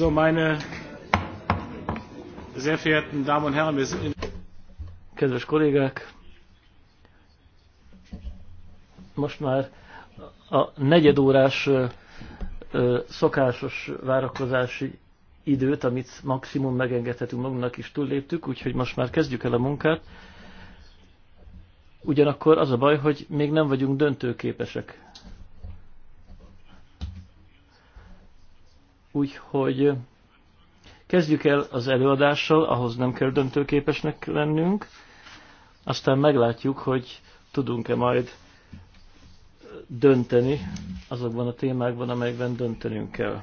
meine sehr verehrten Damen und Herren, wir sind in Kedves kollégák, most már a negyedórás szokásos várakozási időt, amit maximum megengedhetünk magunknak is túlléptük, úgyhogy most már kezdjük el a munkát. Ugyanakkor az a baj, hogy még nem vagyunk döntőképesek Úgyhogy kezdjük el az előadással, ahhoz nem kell döntőképesnek lennünk, aztán meglátjuk, hogy tudunk-e majd dönteni azokban a témákban, amelyekben döntenünk kell.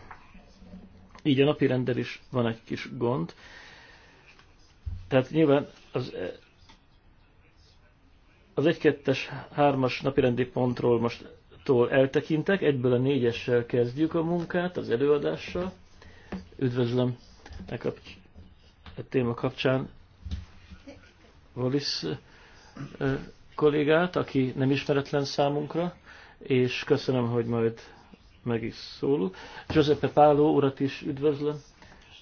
Így a napi rendel is van egy kis gond. Tehát nyilván az, e- az 1-2-es, 3-as napirendi pontról most tól eltekintek, egyből a négyessel kezdjük a munkát, az előadással. Üdvözlöm e, kapcs- a e téma kapcsán Wallis e, kollégát, aki nem ismeretlen számunkra, és köszönöm, hogy majd meg is szólunk. Giuseppe Pálo urat is üdvözlöm,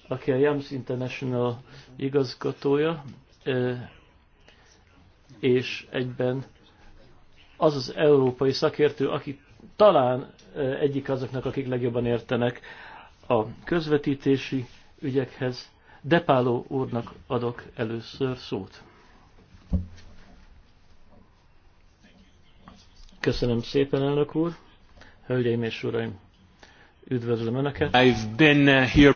aki a Jams International igazgatója, e, és egyben az az európai szakértő, aki talán egyik azoknak, akik legjobban értenek a közvetítési ügyekhez. Depáló úrnak adok először szót. Köszönöm szépen, elnök úr. Hölgyeim és uraim, üdvözlöm Önöket. I've been uh, here.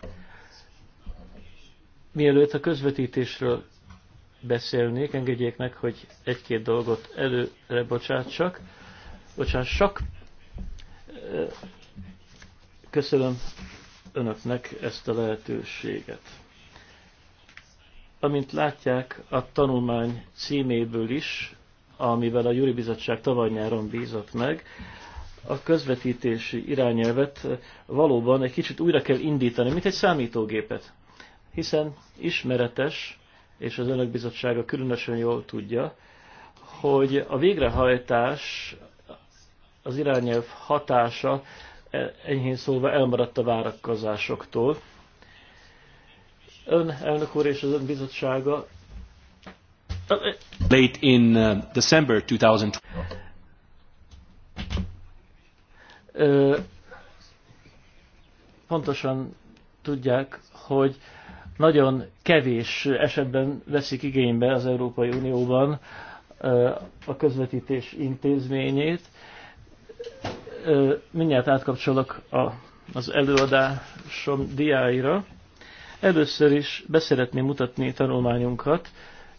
Mielőtt a közvetítésről beszélnék, engedjék meg, hogy egy-két dolgot előre bocsátsak. Bocsássak. Köszönöm önöknek ezt a lehetőséget. Amint látják, a tanulmány címéből is, amivel a Júri Bizottság tavaly nyáron bízott meg, a közvetítési irányelvet valóban egy kicsit újra kell indítani, mint egy számítógépet. Hiszen ismeretes, és az önök bizottsága különösen jól tudja, hogy a végrehajtás, az irányelv hatása e, enyhén szólva elmaradt a várakozásoktól. Ön, elnök úr és az ön bizottsága late in uh, December 2020. Uh, pontosan tudják, hogy nagyon kevés esetben veszik igénybe az Európai Unióban a közvetítés intézményét. Mindjárt átkapcsolok a, az előadásom diáira. Először is beszeretném mutatni tanulmányunkat,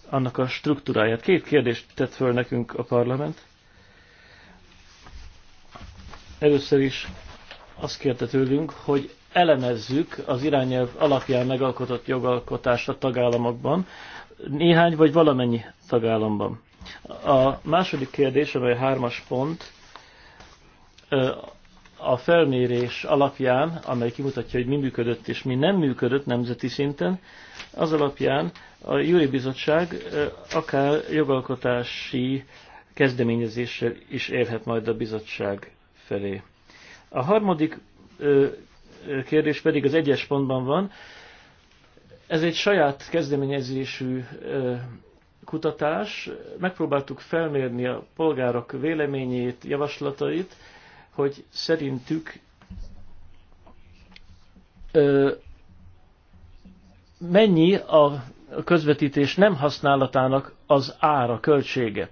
annak a struktúráját. Két kérdést tett föl nekünk a parlament. Először is azt kérte tőlünk, hogy elemezzük az irányelv alapján megalkotott jogalkotást a tagállamokban, néhány vagy valamennyi tagállamban. A második kérdés, amely hármas pont, a felmérés alapján, amely kimutatja, hogy mi működött és mi nem működött nemzeti szinten, az alapján a Júri Bizottság akár jogalkotási kezdeményezéssel is érhet majd a bizottság felé. A harmadik kérdés pedig az egyes pontban van. Ez egy saját kezdeményezésű kutatás. Megpróbáltuk felmérni a polgárok véleményét, javaslatait, hogy szerintük mennyi a közvetítés nem használatának az ára, költsége.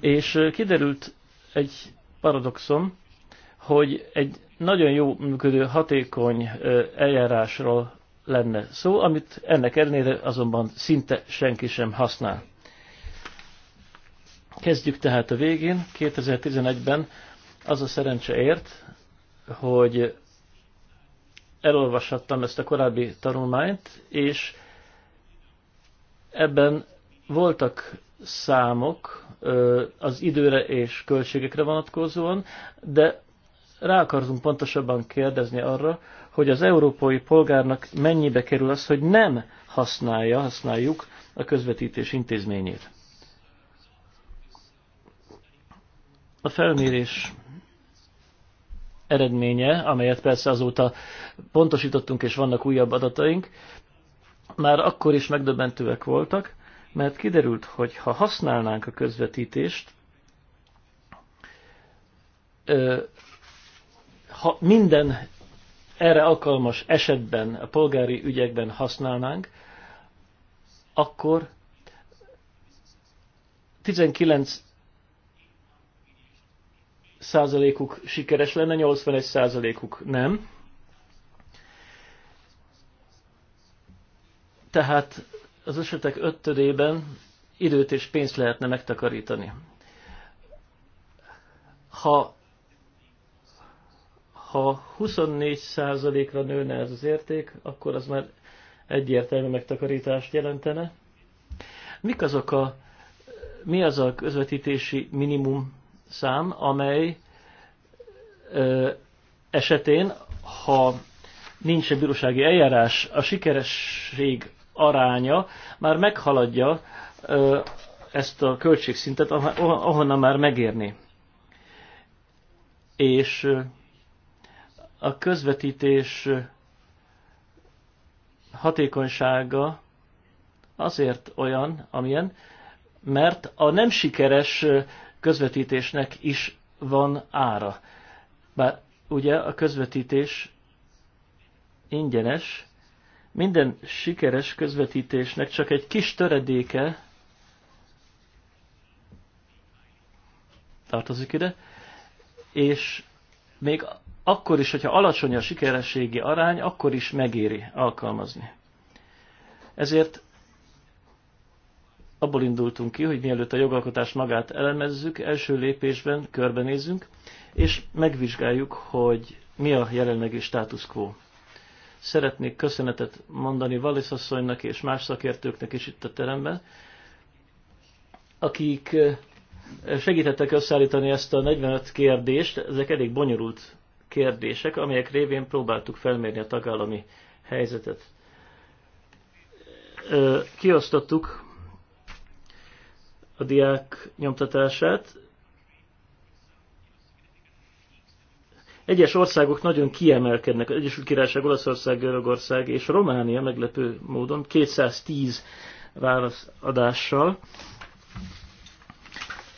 És kiderült egy paradoxon, hogy egy nagyon jó működő, hatékony eljárásról lenne szó, amit ennek ellenére azonban szinte senki sem használ. Kezdjük tehát a végén. 2011-ben az a szerencse ért, hogy elolvashattam ezt a korábbi tanulmányt, és ebben voltak számok az időre és költségekre vonatkozóan, de rá akarunk pontosabban kérdezni arra, hogy az európai polgárnak mennyibe kerül az, hogy nem használja, használjuk a közvetítés intézményét. A felmérés eredménye, amelyet persze azóta pontosítottunk, és vannak újabb adataink, már akkor is megdöbbentőek voltak, mert kiderült, hogy ha használnánk a közvetítést, ha minden erre alkalmas esetben, a polgári ügyekben használnánk, akkor 19 százalékuk sikeres lenne, 81 százalékuk nem. Tehát az esetek ötödében időt és pénzt lehetne megtakarítani. Ha ha 24%-ra nőne ez az érték, akkor az már egyértelmű megtakarítást jelentene. Mik azok a, mi az a közvetítési minimum szám, amely ö, esetén, ha nincs egy bírósági eljárás, a sikeresség aránya már meghaladja ö, ezt a költségszintet, ahonnan már megérni. És a közvetítés hatékonysága azért olyan, amilyen, mert a nem sikeres közvetítésnek is van ára. Bár ugye a közvetítés ingyenes, minden sikeres közvetítésnek csak egy kis töredéke tartozik ide, és még akkor is, hogyha alacsony a sikerességi arány, akkor is megéri alkalmazni. Ezért abból indultunk ki, hogy mielőtt a jogalkotás magát elemezzük, első lépésben körbenézzünk, és megvizsgáljuk, hogy mi a jelenlegi státusz quo. Szeretnék köszönetet mondani Valisz asszonynak és más szakértőknek is itt a teremben, akik eh, segítettek összeállítani ezt a 45 kérdést, ezek elég bonyolult kérdések, amelyek révén próbáltuk felmérni a tagállami helyzetet. Kiosztottuk a diák nyomtatását. Egyes országok nagyon kiemelkednek. Az Egyesült Királyság, Olaszország, Görögország és Románia meglepő módon 210 válaszadással.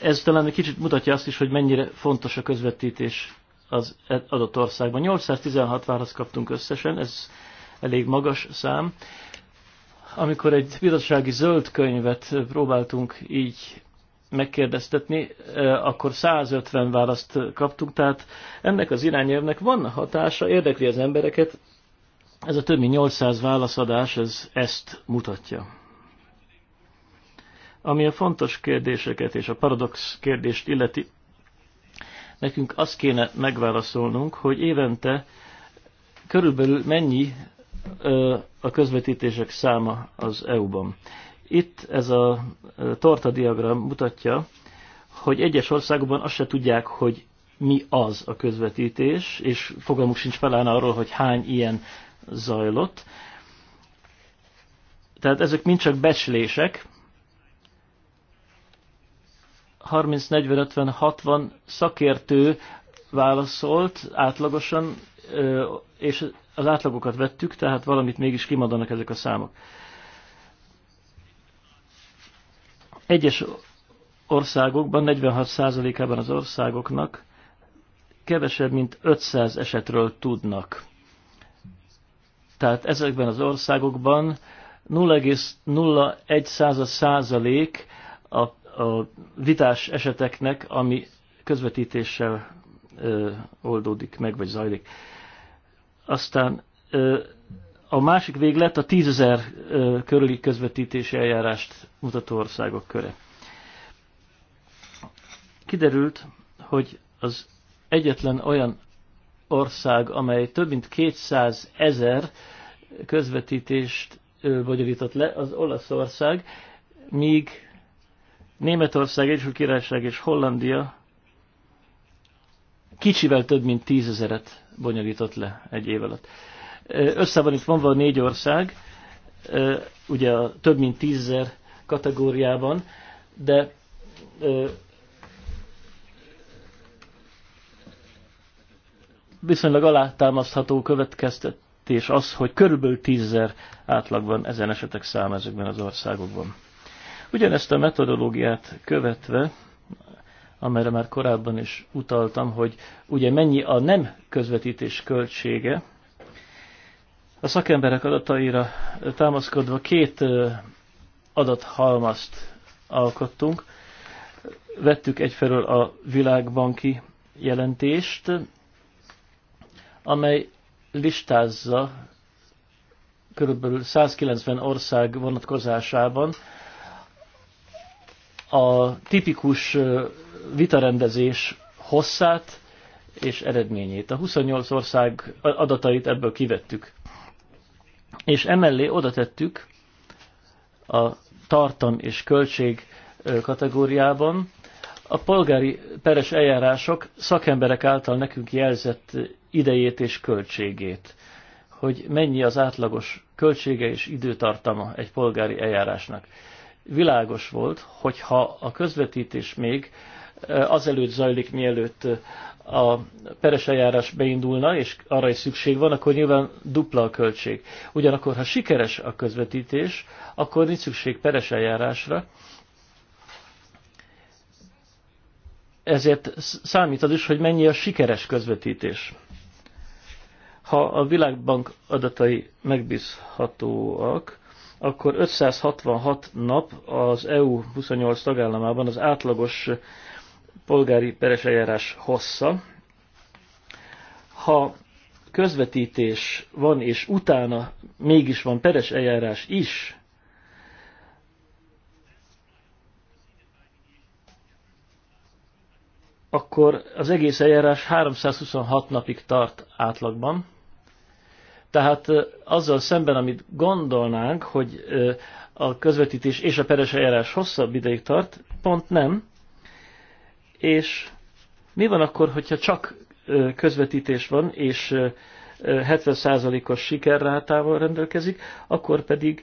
Ez talán egy kicsit mutatja azt is, hogy mennyire fontos a közvetítés az adott országban. 816 választ kaptunk összesen, ez elég magas szám. Amikor egy bizottsági zöld könyvet próbáltunk így megkérdeztetni, e, akkor 150 választ kaptunk, tehát ennek az irányelvnek van hatása, érdekli az embereket. Ez a több mint 800 válaszadás, ez ezt mutatja. Ami a fontos kérdéseket és a paradox kérdést illeti, Nekünk azt kéne megválaszolnunk, hogy évente körülbelül mennyi a közvetítések száma az EU-ban. Itt ez a torta diagram mutatja, hogy egyes országokban azt se tudják, hogy mi az a közvetítés, és fogalmuk sincs felán arról, hogy hány ilyen zajlott. Tehát ezek mind csak becslések, 30-40-50-60 szakértő válaszolt átlagosan, és az átlagokat vettük, tehát valamit mégis kimadanak ezek a számok. Egyes országokban, 46%-ában az országoknak kevesebb, mint 500 esetről tudnak. Tehát ezekben az országokban 0,01 százalék a a vitás eseteknek, ami közvetítéssel ö, oldódik meg, vagy zajlik. Aztán ö, a másik véglet a tízezer körüli közvetítési eljárást mutató országok köre. Kiderült, hogy az egyetlen olyan ország, amely több mint 200 ezer közvetítést bonyolított le, az Olaszország, míg Németország, Egyesült Királyság és Hollandia kicsivel több mint tízezeret bonyolított le egy év alatt. Össze van itt vonva a négy ország, ugye a több mint tízezer kategóriában, de viszonylag alátámasztható következtetés az, hogy körülbelül tízezer átlagban ezen esetek száma ezekben az országokban. Ugyanezt a metodológiát követve, amelyre már korábban is utaltam, hogy ugye mennyi a nem közvetítés költsége, a szakemberek adataira támaszkodva két adathalmazt alkottunk. Vettük egyfelől a világbanki jelentést, amely listázza körülbelül 190 ország vonatkozásában a tipikus vitarendezés hosszát és eredményét. A 28 ország adatait ebből kivettük. És emellé oda tettük a tartam és költség kategóriában a polgári peres eljárások szakemberek által nekünk jelzett idejét és költségét, hogy mennyi az átlagos költsége és időtartama egy polgári eljárásnak világos volt, hogyha a közvetítés még eh, azelőtt zajlik, mielőtt eh, a peres eljárás beindulna, és arra is szükség van, akkor nyilván dupla a költség. Ugyanakkor, ha sikeres a közvetítés, akkor nincs szükség peres eljárásra, ezért számít az is, hogy mennyi a sikeres közvetítés. Ha a Világbank adatai megbízhatóak, akkor 566 nap az EU 28 tagállamában az átlagos polgári peres eljárás hossza. Ha közvetítés van, és utána mégis van peres eljárás is, akkor az egész eljárás 326 napig tart átlagban, tehát azzal szemben, amit gondolnánk, hogy a közvetítés és a peres eljárás hosszabb ideig tart, pont nem. És mi van akkor, hogyha csak közvetítés van, és 70%-os sikerrátával rendelkezik, akkor pedig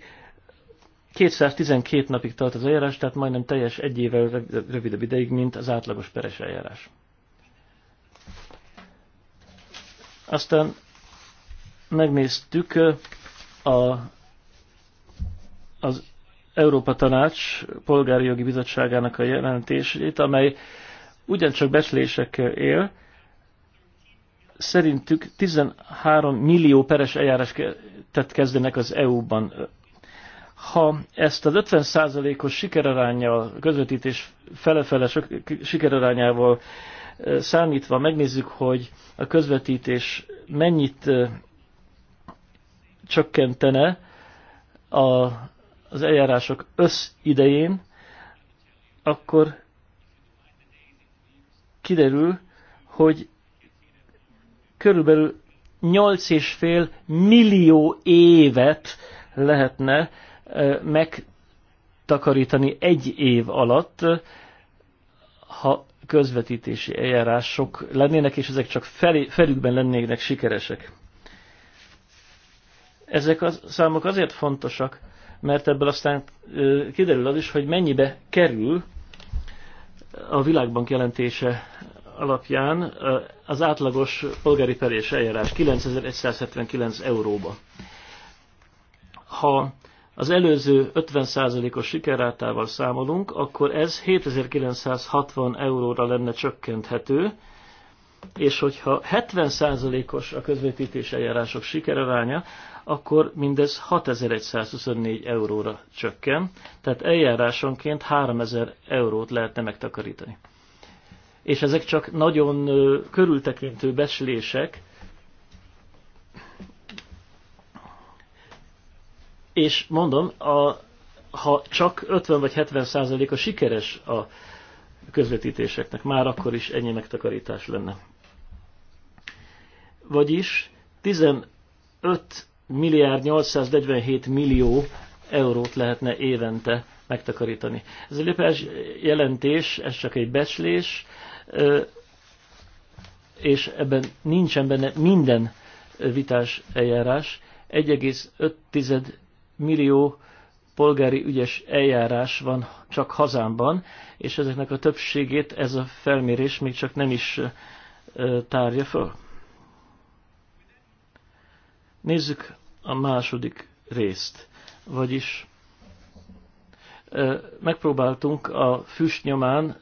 212 napig tart az eljárás, tehát majdnem teljes egy évvel rövidebb ideig, mint az átlagos peres eljárás. Aztán megnéztük a, az Európa Tanács Polgári Jogi Bizottságának a jelentését, amely ugyancsak becslésekkel él, szerintük 13 millió peres eljárás tett kezdenek az EU-ban. Ha ezt az 50%-os sikerarányjal, közvetítés fele-fele sikerarányával számítva megnézzük, hogy a közvetítés mennyit csökkentene a, az eljárások összidején, akkor kiderül, hogy körülbelül 8,5 millió évet lehetne megtakarítani egy év alatt, ha közvetítési eljárások lennének, és ezek csak felükben lennének sikeresek. Ezek a számok azért fontosak, mert ebből aztán kiderül az is, hogy mennyibe kerül a világbank jelentése alapján az átlagos polgári perés eljárás 9179 euróba. Ha az előző 50%-os sikerrátával számolunk, akkor ez 7960 euróra lenne csökkenthető, és hogyha 70%-os a közvetítés eljárások sikereránya, akkor mindez 6124 euróra csökken, tehát eljárásonként 3000 eurót lehetne megtakarítani. És ezek csak nagyon körültekintő beszélések. és mondom, a, ha csak 50 vagy 70 százaléka sikeres a közvetítéseknek, már akkor is ennyi megtakarítás lenne. Vagyis 15 milliárd 847 millió eurót lehetne évente megtakarítani. Ez egy lépés jelentés, ez csak egy becslés, és ebben nincsen benne minden vitás eljárás. 1,5 millió polgári ügyes eljárás van csak hazámban, és ezeknek a többségét ez a felmérés még csak nem is tárja föl. Nézzük a második részt, vagyis megpróbáltunk a füst nyomán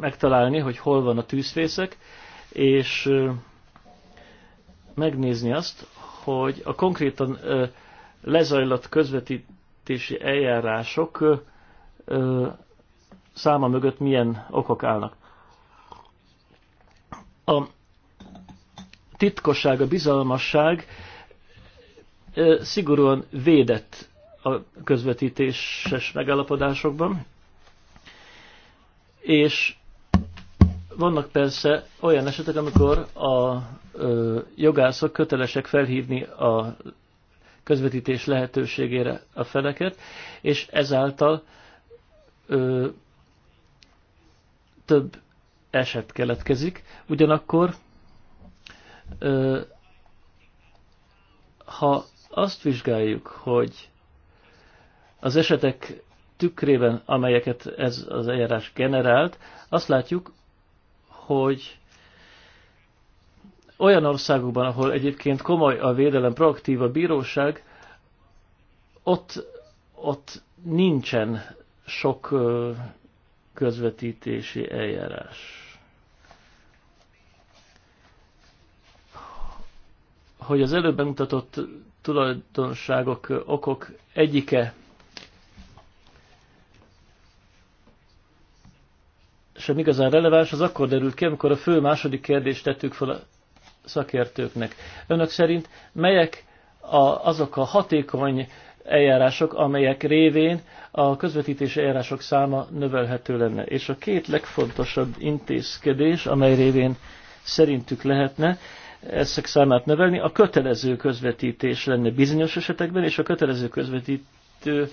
megtalálni, hogy hol van a tűzfészek, és megnézni azt, hogy a konkrétan lezajlott közvetítési eljárások száma mögött milyen okok állnak. A titkosság, a bizalmasság szigorúan védett a közvetítéses megállapodásokban, és vannak persze olyan esetek, amikor a jogászok kötelesek felhívni a közvetítés lehetőségére a feleket, és ezáltal ö, több eset keletkezik. Ugyanakkor ha azt vizsgáljuk, hogy az esetek tükrében, amelyeket ez az eljárás generált, azt látjuk, hogy olyan országokban, ahol egyébként komoly a védelem, proaktív a bíróság, ott, ott nincsen sok közvetítési eljárás. hogy az előbb bemutatott tulajdonságok, okok egyike sem igazán releváns, az akkor derült ki, amikor a fő második kérdést tettük fel a szakértőknek. Önök szerint melyek a, azok a hatékony eljárások, amelyek révén a közvetítési eljárások száma növelhető lenne. És a két legfontosabb intézkedés, amely révén szerintük lehetne, ezek számát növelni, a kötelező közvetítés lenne bizonyos esetekben, és a kötelező közvetítő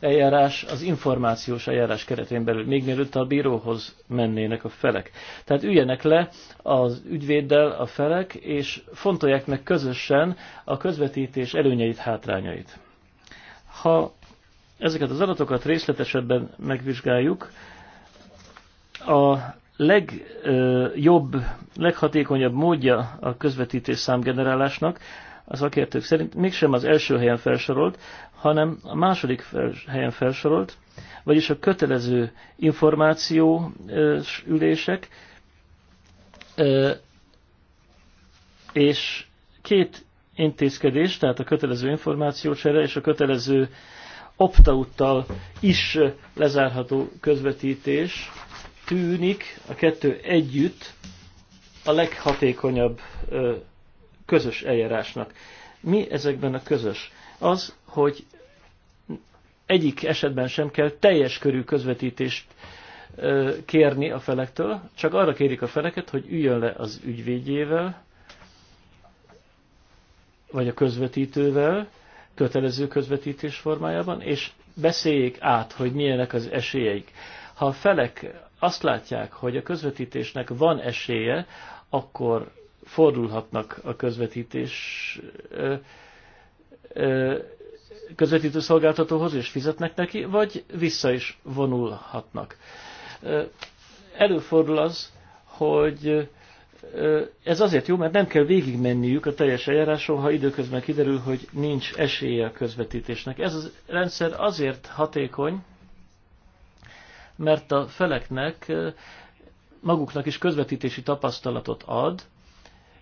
eljárás az információs eljárás keretén belül, még mielőtt a bíróhoz mennének a felek. Tehát üljenek le az ügyvéddel a felek, és fontolják meg közösen a közvetítés előnyeit, hátrányait. Ha ezeket az adatokat részletesebben megvizsgáljuk, a legjobb, leghatékonyabb módja a közvetítés számgenerálásnak, a szakértők szerint mégsem az első helyen felsorolt, hanem a második helyen felsorolt, vagyis a kötelező információ ülések, és két intézkedés, tehát a kötelező információcsere és a kötelező opt is lezárható közvetítés tűnik a kettő együtt a leghatékonyabb ö, közös eljárásnak. Mi ezekben a közös? Az, hogy egyik esetben sem kell teljes körű közvetítést ö, kérni a felektől, csak arra kérik a feleket, hogy üljön le az ügyvédjével, vagy a közvetítővel, kötelező közvetítés formájában, és beszéljék át, hogy milyenek az esélyeik. Ha a felek azt látják, hogy a közvetítésnek van esélye, akkor fordulhatnak a közvetítés közvetítő szolgáltatóhoz, és fizetnek neki, vagy vissza is vonulhatnak. Előfordul az, hogy ez azért jó, mert nem kell végigmenniük a teljes eljáráson, ha időközben kiderül, hogy nincs esélye a közvetítésnek. Ez a rendszer azért hatékony, mert a feleknek maguknak is közvetítési tapasztalatot ad,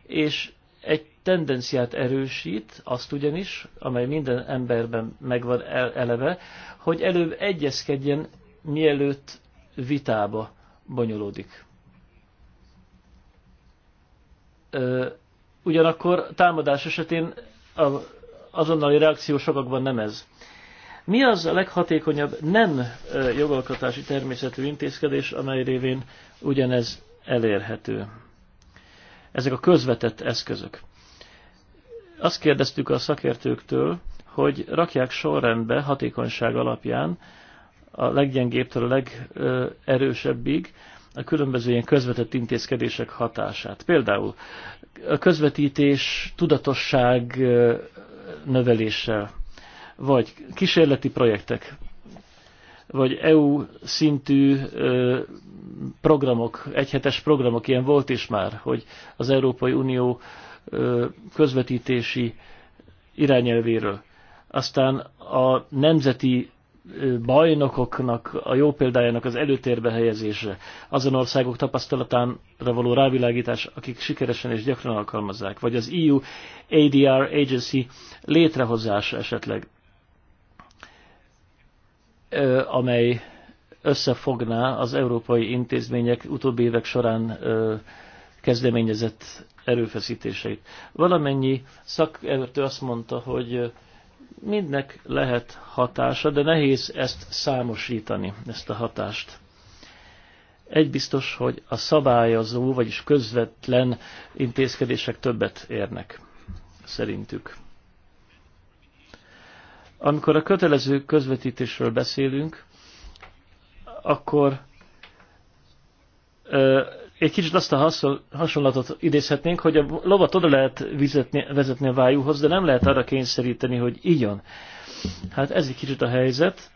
és egy tendenciát erősít, azt ugyanis, amely minden emberben megvan eleve, hogy előbb egyezkedjen, mielőtt vitába bonyolódik. Ugyanakkor támadás esetén azonnali reakció sokakban nem ez mi az a leghatékonyabb nem jogalkotási természetű intézkedés, amely révén ugyanez elérhető? Ezek a közvetett eszközök. Azt kérdeztük a szakértőktől, hogy rakják sorrendbe hatékonyság alapján a leggyengébbtől a legerősebbig a különböző ilyen közvetett intézkedések hatását. Például a közvetítés tudatosság növeléssel vagy kísérleti projektek, vagy EU szintű ö, programok, egyhetes programok, ilyen volt is már, hogy az Európai Unió ö, közvetítési irányelvéről. Aztán a nemzeti bajnokoknak, a jó példájának az előtérbe helyezése, azon országok tapasztalatánra való rávilágítás, akik sikeresen és gyakran alkalmazzák, vagy az EU ADR Agency létrehozása esetleg amely összefogná az európai intézmények utóbbi évek során kezdeményezett erőfeszítéseit. Valamennyi szakértő azt mondta, hogy mindnek lehet hatása, de nehéz ezt számosítani, ezt a hatást. Egy biztos, hogy a szabályozó, vagyis közvetlen intézkedések többet érnek, szerintük. Amikor a kötelező közvetítésről beszélünk, akkor egy kicsit azt a hasonlatot idézhetnénk, hogy a lovat oda lehet vizetni, vezetni a vájúhoz, de nem lehet arra kényszeríteni, hogy igyon. Hát ez egy kicsit a helyzet.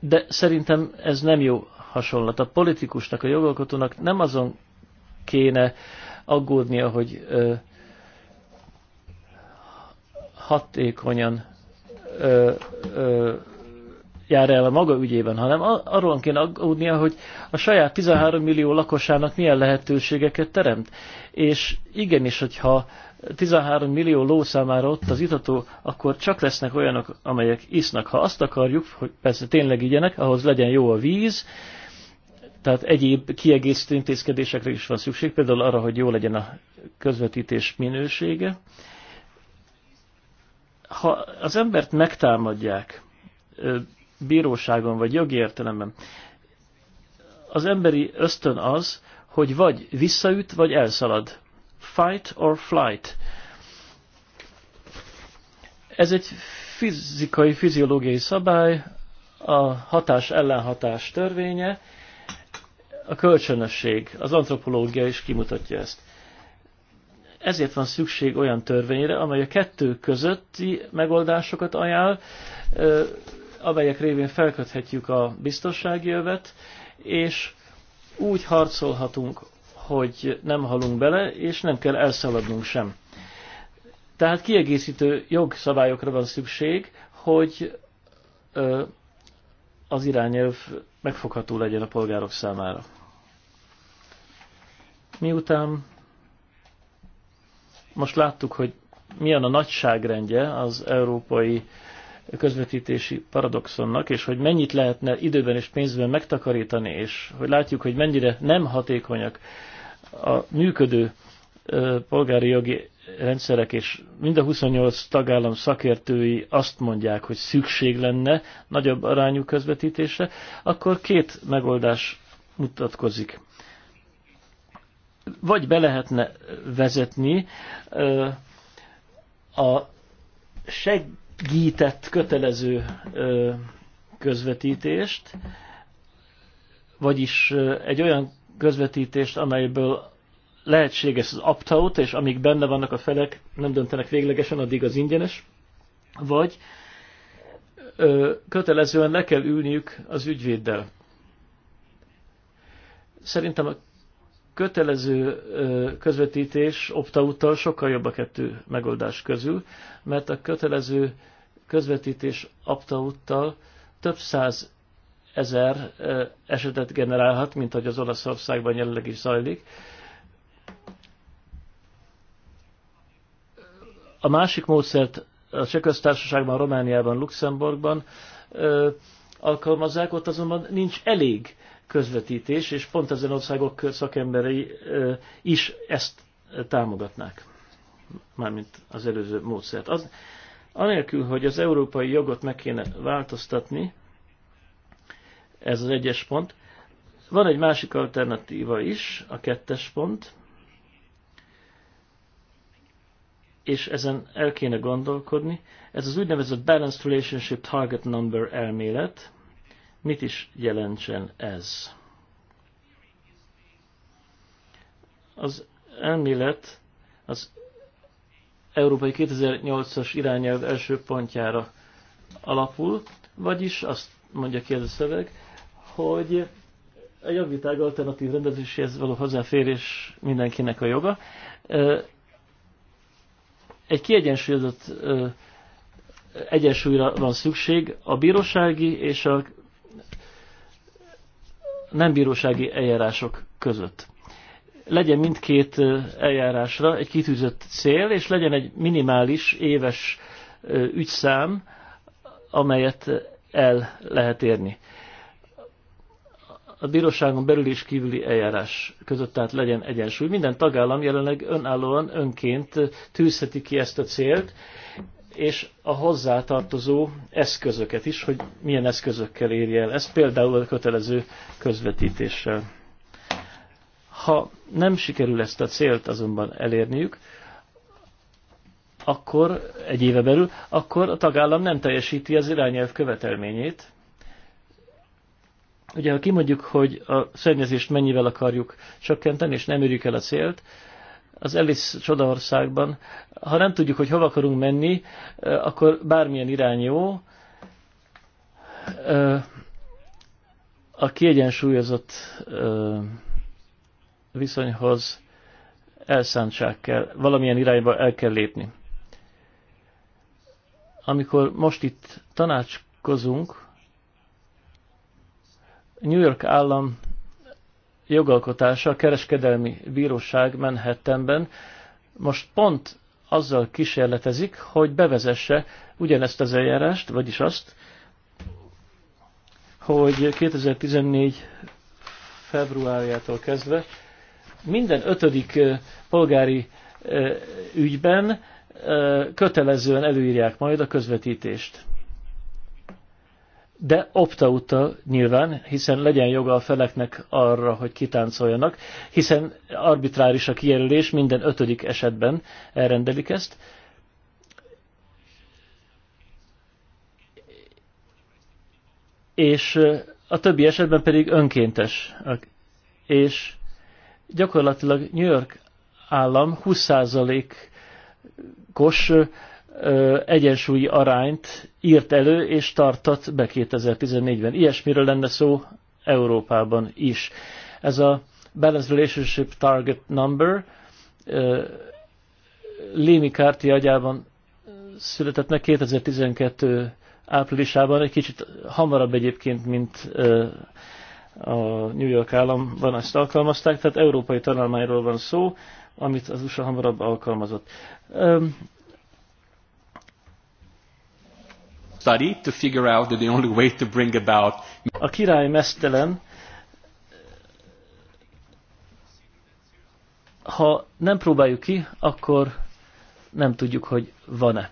De szerintem ez nem jó hasonlat. A politikusnak, a jogalkotónak nem azon kéne aggódnia, hogy ö, hatékonyan ö, ö, jár el a maga ügyében, hanem arról kéne aggódnia, hogy a saját 13 millió lakosának milyen lehetőségeket teremt. És igenis, hogyha 13 millió ló számára ott az itató, akkor csak lesznek olyanok, amelyek isznak. Ha azt akarjuk, hogy persze tényleg igyenek, ahhoz legyen jó a víz, tehát egyéb kiegészítő intézkedésekre is van szükség, például arra, hogy jó legyen a közvetítés minősége. Ha az embert megtámadják bíróságon vagy jogi értelemben, az emberi ösztön az, hogy vagy visszaüt, vagy elszalad. Fight or flight. Ez egy fizikai, fiziológiai szabály, a hatás ellenhatás törvénye, a kölcsönösség, az antropológia is kimutatja ezt. Ezért van szükség olyan törvényre, amely a kettő közötti megoldásokat ajánl, amelyek révén felköthetjük a biztonsági övet, és úgy harcolhatunk, hogy nem halunk bele, és nem kell elszaladnunk sem. Tehát kiegészítő jogszabályokra van szükség, hogy az irányelv megfogható legyen a polgárok számára. Miután most láttuk, hogy milyen a nagyságrendje az európai közvetítési paradoxonnak, és hogy mennyit lehetne időben és pénzben megtakarítani, és hogy látjuk, hogy mennyire nem hatékonyak a működő polgári jogi rendszerek és mind a 28 tagállam szakértői azt mondják, hogy szükség lenne nagyobb arányú közvetítésre, akkor két megoldás mutatkozik. Vagy be lehetne vezetni a segített kötelező közvetítést, vagyis egy olyan közvetítést, amelyből lehetséges az opt-out, és amíg benne vannak a felek, nem döntenek véglegesen, addig az ingyenes, vagy ö, kötelezően le kell ülniük az ügyvéddel. Szerintem a kötelező ö, közvetítés opt sokkal jobb a kettő megoldás közül, mert a kötelező közvetítés opt több száz ezer esetet generálhat, mint ahogy az Olaszországban jelenleg is zajlik, A másik módszert a Cseh Romániában, Luxemburgban ö, alkalmazzák, ott azonban nincs elég közvetítés, és pont ezen országok szakemberei ö, is ezt támogatnák, mármint az előző módszert. Az, anélkül, hogy az európai jogot meg kéne változtatni, ez az egyes pont, van egy másik alternatíva is, a kettes pont, és ezen el kéne gondolkodni. Ez az úgynevezett Balanced Relationship Target Number elmélet. Mit is jelentsen ez? Az elmélet az Európai 2008-as irányelv első pontjára alapul, vagyis azt mondja ki ez a szöveg, hogy a jogvitág alternatív rendezéséhez való hozzáférés mindenkinek a joga. Egy kiegyensúlyozott ö, egyensúlyra van szükség a bírósági és a nem bírósági eljárások között. Legyen mindkét eljárásra egy kitűzött cél, és legyen egy minimális éves ügyszám, amelyet el lehet érni a bíróságon belül és kívüli eljárás között tehát legyen egyensúly. Minden tagállam jelenleg önállóan, önként tűzheti ki ezt a célt, és a hozzátartozó eszközöket is, hogy milyen eszközökkel érje el. Ez például a kötelező közvetítéssel. Ha nem sikerül ezt a célt azonban elérniük, akkor egy éve belül, akkor a tagállam nem teljesíti az irányelv követelményét, Ugye, ha kimondjuk, hogy a szennyezést mennyivel akarjuk csökkenteni, és nem érjük el a célt, az Elis csodaországban, ha nem tudjuk, hogy hova akarunk menni, eh, akkor bármilyen irány jó. Eh, a kiegyensúlyozott eh, viszonyhoz elszántság kell, valamilyen irányba el kell lépni. Amikor most itt tanácskozunk, New York állam jogalkotása a kereskedelmi bíróság Manhattanben most pont azzal kísérletezik, hogy bevezesse ugyanezt az eljárást, vagyis azt, hogy 2014 februárjától kezdve minden ötödik polgári ügyben kötelezően előírják majd a közvetítést de opt nyilván, hiszen legyen joga a feleknek arra, hogy kitáncoljanak, hiszen arbitráris a kijelölés, minden ötödik esetben elrendelik ezt. És a többi esetben pedig önkéntes. És gyakorlatilag New York állam 20%-os egyensúlyi arányt írt elő és tartat be 2014-ben. Ilyesmiről lenne szó Európában is. Ez a Balance Relationship Target Number Lémi Kárti agyában született meg 2012 áprilisában, egy kicsit hamarabb egyébként, mint a New York államban ezt alkalmazták, tehát európai tanulmányról van szó, amit az USA hamarabb alkalmazott. study to figure out that the only way to bring about a király mesztelen, ha nem próbáljuk ki, akkor nem tudjuk, hogy van-e.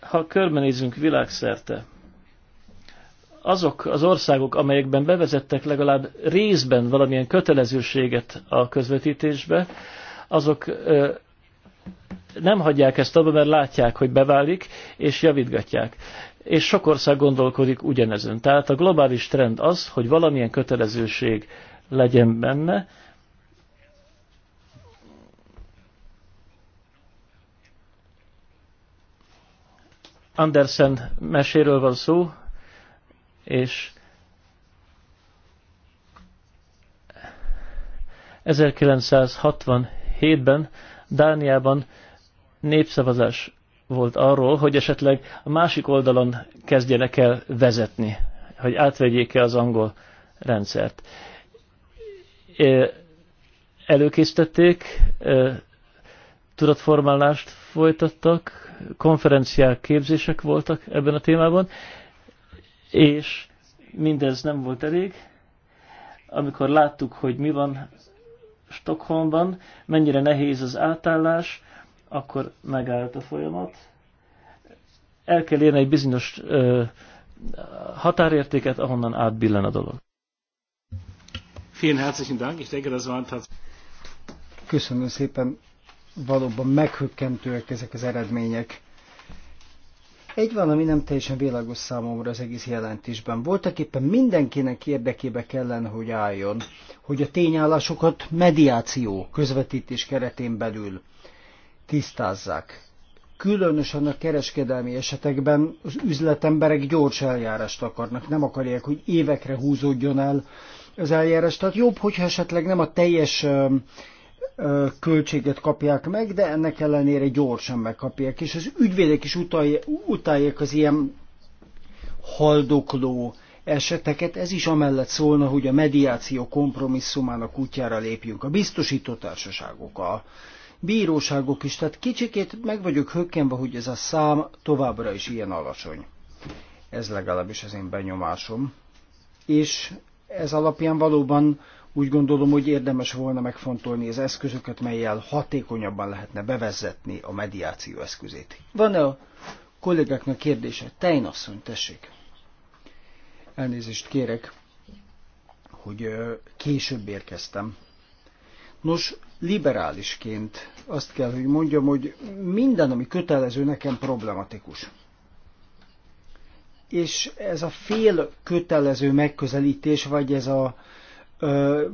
Ha körbenézünk világszerte, azok az országok, amelyekben bevezettek legalább részben valamilyen kötelezőséget a közvetítésbe, azok nem hagyják ezt abba, mert látják, hogy beválik, és javítgatják. És sok ország gondolkodik ugyanezen. Tehát a globális trend az, hogy valamilyen kötelezőség legyen benne, Andersen meséről van szó, és 1967-ben Dániában népszavazás volt arról, hogy esetleg a másik oldalon kezdjenek el vezetni, hogy átvegyék-e az angol rendszert. Előkészítették, tudatformálást folytattak, konferenciák, képzések voltak ebben a témában, és mindez nem volt elég. Amikor láttuk, hogy mi van Stockholmban, mennyire nehéz az átállás, akkor megállt a folyamat. El kell érni egy bizonyos ö, határértéket, ahonnan átbillen a dolog. Vielen herzlichen Dank. Ich denke, das waren Köszönöm szépen. Valóban meghökkentőek ezek az eredmények. Egy van, ami nem teljesen világos számomra az egész jelentésben. Voltak éppen mindenkinek érdekébe kellene, hogy álljon, hogy a tényállásokat mediáció közvetítés keretén belül tisztázzák. Különösen a kereskedelmi esetekben az üzletemberek gyors eljárást akarnak, nem akarják, hogy évekre húzódjon el az eljárás. Tehát jobb, hogyha esetleg nem a teljes költséget kapják meg, de ennek ellenére gyorsan megkapják. És az ügyvédek is utálják, az ilyen haldokló eseteket. Ez is amellett szólna, hogy a mediáció kompromisszumának útjára lépjünk. A biztosító társaságok, a bíróságok is. Tehát kicsikét meg vagyok hökkenve, hogy ez a szám továbbra is ilyen alacsony. Ez legalábbis az én benyomásom. És ez alapján valóban úgy gondolom, hogy érdemes volna megfontolni az eszközöket, melyel hatékonyabban lehetne bevezetni a mediáció eszközét. Van-e a kollégáknak kérdése? asszony, tessék! Elnézést kérek, hogy később érkeztem. Nos, liberálisként azt kell, hogy mondjam, hogy minden, ami kötelező, nekem problematikus. És ez a fél kötelező megközelítés, vagy ez a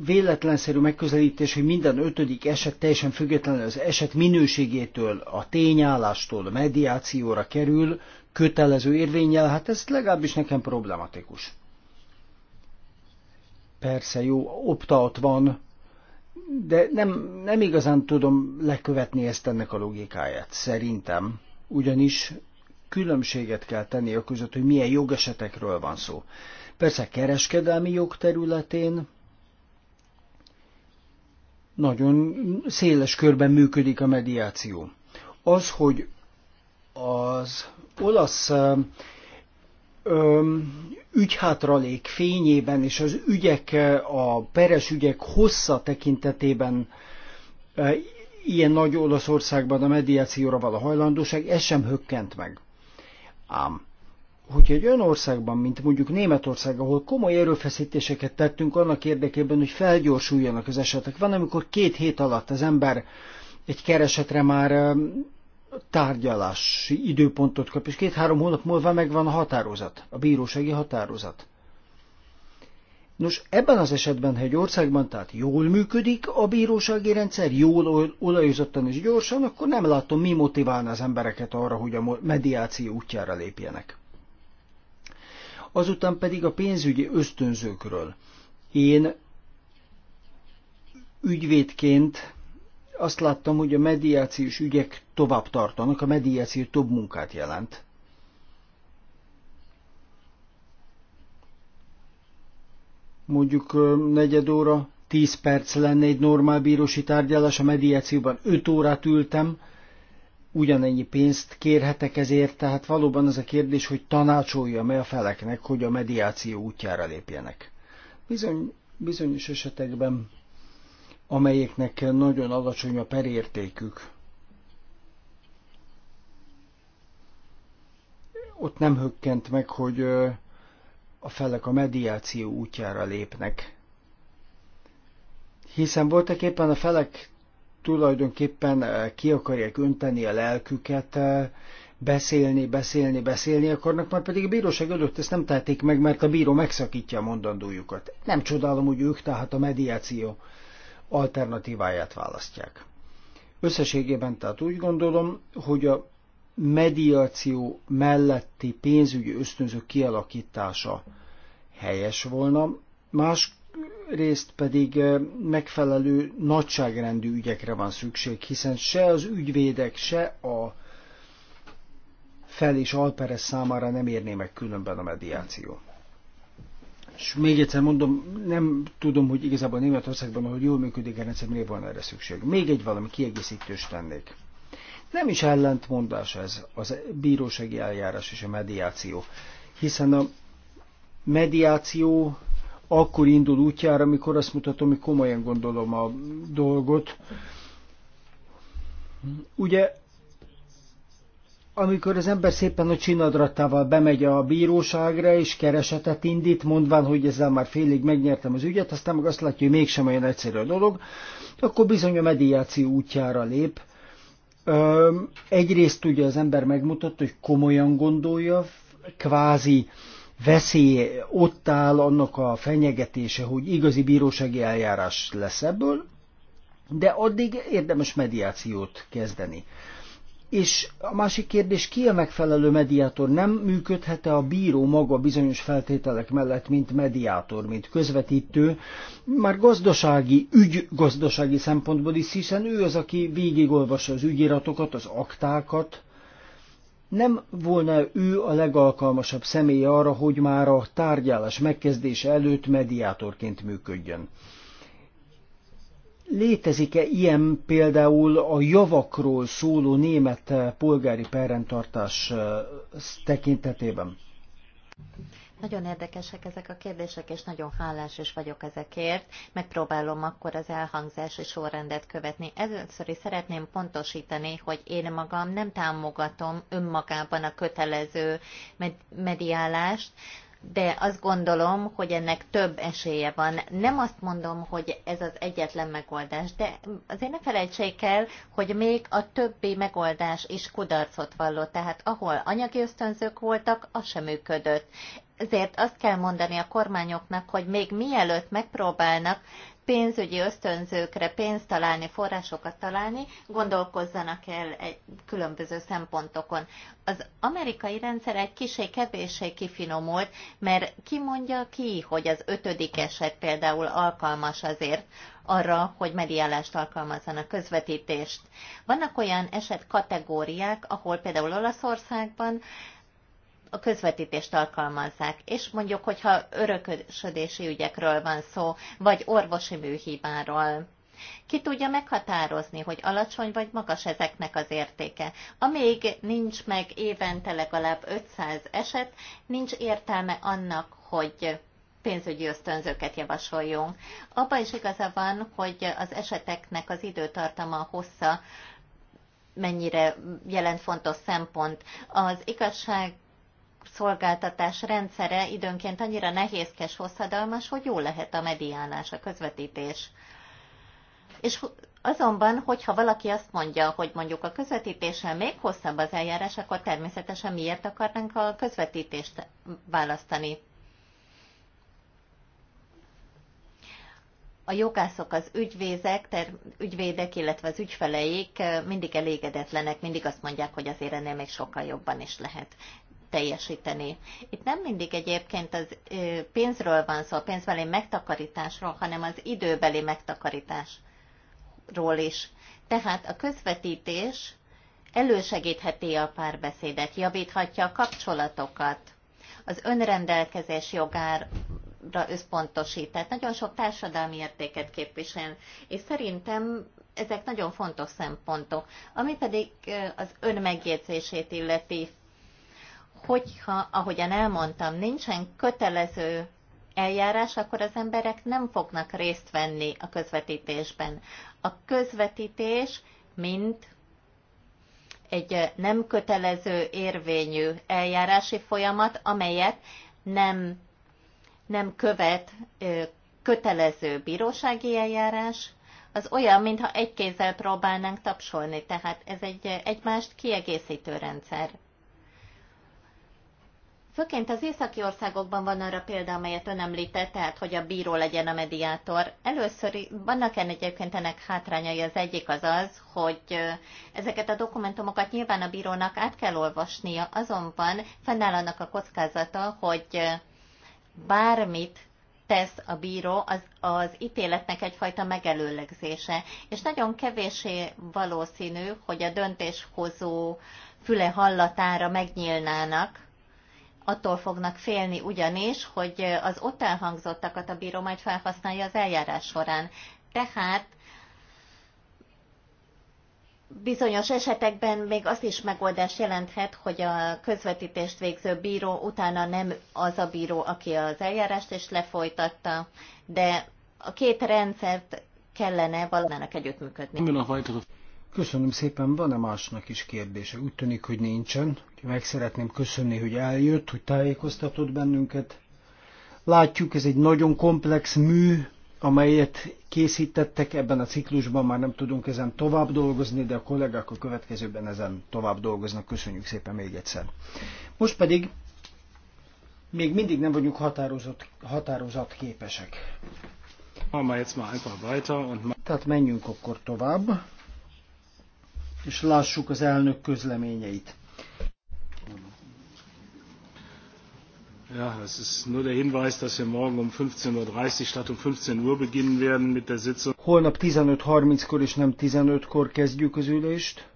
véletlenszerű megközelítés, hogy minden ötödik eset teljesen függetlenül az eset minőségétől, a tényállástól, a mediációra kerül, kötelező érvényel, hát ez legalábbis nekem problematikus. Persze jó, optaut van, de nem, nem igazán tudom lekövetni ezt ennek a logikáját, szerintem. Ugyanis különbséget kell tenni a között, hogy milyen jogesetekről van szó. Persze kereskedelmi jog területén nagyon széles körben működik a mediáció. Az, hogy az olasz ügyhátralék fényében és az ügyek, a peres ügyek hossza tekintetében ilyen nagy Olaszországban a mediációra való hajlandóság, ez sem hökkent meg. Ám hogyha egy olyan országban, mint mondjuk Németország, ahol komoly erőfeszítéseket tettünk annak érdekében, hogy felgyorsuljanak az esetek, van, amikor két hét alatt az ember egy keresetre már tárgyalási időpontot kap, és két-három hónap múlva megvan a határozat, a bírósági határozat. Nos, ebben az esetben, ha egy országban tehát jól működik a bírósági rendszer, jól olajozottan és gyorsan, akkor nem látom, mi motiválna az embereket arra, hogy a mediáció útjára lépjenek azután pedig a pénzügyi ösztönzőkről. Én ügyvédként azt láttam, hogy a mediációs ügyek tovább tartanak, a mediáció több munkát jelent. Mondjuk negyed óra, tíz perc lenne egy normál bírósi tárgyalás, a mediációban öt órát ültem, ugyanennyi pénzt kérhetek ezért, tehát valóban az a kérdés, hogy tanácsolja-e a feleknek, hogy a mediáció útjára lépjenek. Bizony, bizonyos esetekben, amelyeknek nagyon alacsony a perértékük, ott nem hökkent meg, hogy a felek a mediáció útjára lépnek. Hiszen voltak éppen a felek tulajdonképpen eh, ki akarják önteni a lelküket, eh, beszélni, beszélni, beszélni akarnak, már pedig a bíróság előtt ezt nem tették meg, mert a bíró megszakítja a mondandójukat. Nem csodálom, hogy ők tehát a mediáció alternatíváját választják. Összességében tehát úgy gondolom, hogy a mediáció melletti pénzügyi ösztönzők kialakítása helyes volna. Más részt pedig megfelelő nagyságrendű ügyekre van szükség, hiszen se az ügyvédek, se a fel és alperes számára nem érné meg különben a mediáció. És még egyszer mondom, nem tudom, hogy igazából Németországban, ahogy jól működik a rendszer, miért van erre szükség. Még egy valami kiegészítős tennék. Nem is ellentmondás ez az bírósági eljárás és a mediáció, hiszen a mediáció akkor indul útjára, amikor azt mutatom, hogy komolyan gondolom a dolgot. Ugye, amikor az ember szépen a csinadratával bemegy a bíróságra, és keresetet indít, mondván, hogy ezzel már félig megnyertem az ügyet, aztán meg azt látja, hogy mégsem olyan egyszerű a dolog, akkor bizony a mediáció útjára lép. Egyrészt ugye az ember megmutatta, hogy komolyan gondolja, kvázi veszélye ott áll, annak a fenyegetése, hogy igazi bírósági eljárás lesz ebből, de addig érdemes mediációt kezdeni. És a másik kérdés, ki a megfelelő mediátor? Nem működhet-e a bíró maga bizonyos feltételek mellett, mint mediátor, mint közvetítő? Már gazdasági, ügy gazdasági szempontból is, hiszen ő az, aki végigolvassa az ügyiratokat, az aktákat, nem volna ő a legalkalmasabb személy arra, hogy már a tárgyalás megkezdése előtt mediátorként működjön. Létezik-e ilyen például a javakról szóló német polgári perrendtartás eh, tekintetében? Nagyon érdekesek ezek a kérdések, és nagyon hálás is vagyok ezekért. Megpróbálom akkor az elhangzási sorrendet követni. Először is szeretném pontosítani, hogy én magam nem támogatom önmagában a kötelező mediálást, de azt gondolom, hogy ennek több esélye van. Nem azt mondom, hogy ez az egyetlen megoldás, de azért ne felejtsék el, hogy még a többi megoldás is kudarcot vallott, tehát ahol anyagi ösztönzők voltak, az sem működött. Ezért azt kell mondani a kormányoknak, hogy még mielőtt megpróbálnak pénzügyi ösztönzőkre pénzt találni, forrásokat találni, gondolkozzanak el egy különböző szempontokon. Az amerikai rendszer egy kisé kevéssé kifinomult, mert ki mondja ki, hogy az ötödik eset például alkalmas azért arra, hogy mediálást alkalmazzanak, közvetítést. Vannak olyan eset kategóriák, ahol például Olaszországban a közvetítést alkalmazzák, és mondjuk, hogyha örökösödési ügyekről van szó, vagy orvosi műhibáról, ki tudja meghatározni, hogy alacsony vagy magas ezeknek az értéke. Amíg nincs meg évente legalább 500 eset, nincs értelme annak, hogy pénzügyi ösztönzőket javasoljunk. Abban is igaza van, hogy az eseteknek az időtartama hossza mennyire jelent fontos szempont. Az igazság szolgáltatás rendszere időnként annyira nehézkes, hosszadalmas, hogy jó lehet a mediánás, a közvetítés. És azonban, hogyha valaki azt mondja, hogy mondjuk a közvetítéssel még hosszabb az eljárás, akkor természetesen miért akarnánk a közvetítést választani? a jogászok, az ügyvézek, ter, ügyvédek, illetve az ügyfeleik eh, mindig elégedetlenek, mindig azt mondják, hogy azért ennél még sokkal jobban is lehet teljesíteni. Itt nem mindig egyébként az pénzről van szó, a pénzbeli megtakarításról, hanem az időbeli megtakarításról is. Tehát a közvetítés elősegítheti a párbeszédet, javíthatja a kapcsolatokat, az önrendelkezés jogára összpontosít, tehát nagyon sok társadalmi értéket képvisel, és szerintem ezek nagyon fontos szempontok. Ami pedig az önmegjegyzését illeti hogyha, ahogyan elmondtam, nincsen kötelező eljárás, akkor az emberek nem fognak részt venni a közvetítésben. A közvetítés, mint egy nem kötelező érvényű eljárási folyamat, amelyet nem, nem követ kötelező bírósági eljárás, az olyan, mintha egy kézzel próbálnánk tapsolni, tehát ez egy egymást kiegészítő rendszer. Főként az északi országokban van arra példa, amelyet ön említett, tehát hogy a bíró legyen a mediátor. Először vannak ennek egyébként ennek hátrányai, az egyik az az, hogy ezeket a dokumentumokat nyilván a bírónak át kell olvasnia, azonban fennáll annak a kockázata, hogy bármit tesz a bíró, az, az ítéletnek egyfajta megelőlegzése. És nagyon kevésé valószínű, hogy a döntéshozó füle hallatára megnyílnának Attól fognak félni ugyanis, hogy az ott elhangzottakat a bíró majd felhasználja az eljárás során. Tehát bizonyos esetekben még az is megoldás jelenthet, hogy a közvetítést végző bíró utána nem az a bíró, aki az eljárást is lefolytatta, de a két rendszert kellene valamának együttműködni. Köszönöm szépen, van-e másnak is kérdése? Úgy tűnik, hogy nincsen. Meg szeretném köszönni, hogy eljött, hogy tájékoztatott bennünket. Látjuk, ez egy nagyon komplex mű, amelyet készítettek ebben a ciklusban, már nem tudunk ezen tovább dolgozni, de a kollégák a következőben ezen tovább dolgoznak. Köszönjük szépen még egyszer. Most pedig még mindig nem vagyunk határozott, határozat képesek. Tehát menjünk akkor tovább és lássuk az elnök közleményeit. Ja, das ist nur der Hinweis, dass wir morgen um 15.30 Uhr statt um 15 Uhr beginnen werden mit der Sitzung. Holnap 15.30-kor és nem 15-kor kezdjük az ülést.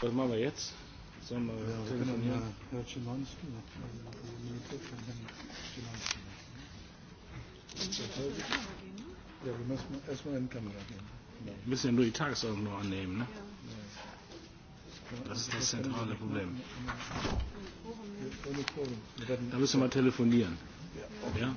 Was machen wir jetzt? Sollen wir ja, telefonieren? Ja, Ja, wir müssen erstmal in Kamera gehen. Wir müssen ja nur die Tagesordnung noch annehmen. Ne? Ja. Das ist das zentrale Problem. Da müssen wir mal telefonieren. Ja. Ja?